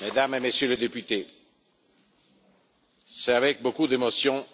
mesdames et messieurs les députés c'est avec beaucoup d'émotion